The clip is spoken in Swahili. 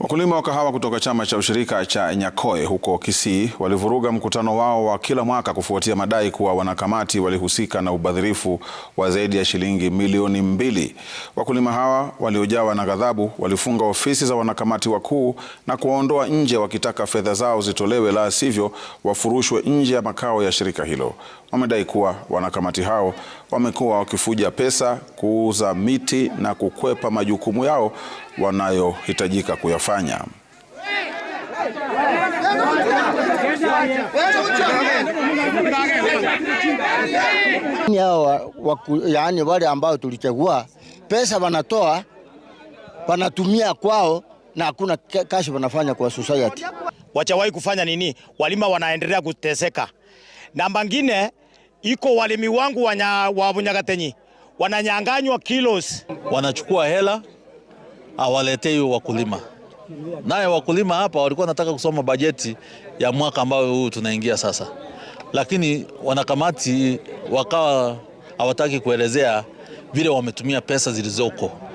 Wakulima wa kahawa kutoka chama cha ushirika cha Nyakoe huko Kisii walivuruga mkutano wao wa kila mwaka kufuatia madai kuwa wanakamati walihusika na ubadhirifu wa zaidi ya shilingi milioni mbili. Wakulima hawa waliojawa na ghadhabu walifunga ofisi za wanakamati wakuu na kuwaondoa nje wakitaka fedha zao zitolewe, la sivyo wafurushwe nje ya makao ya shirika hilo. Wamedai kuwa wanakamati hao wamekuwa wakifuja pesa, kuuza miti na kukwepa majukumu yao wanayohitajika kuyafanya kufanya. Yaani wale ambao tulichagua pesa wanatoa wanatumia kwao na hakuna kashi wanafanya kwa society. Wachawahi kufanya nini? Walima wanaendelea kuteseka. Namba ngine iko walimi wangu wa Bunyakatenyi wananyanganywa kilos, wanachukua hela awaletei wakulima naye wakulima hapa walikuwa wanataka kusoma bajeti ya mwaka ambayo huu tunaingia sasa, lakini wanakamati wakawa hawataki kuelezea vile wametumia pesa zilizoko.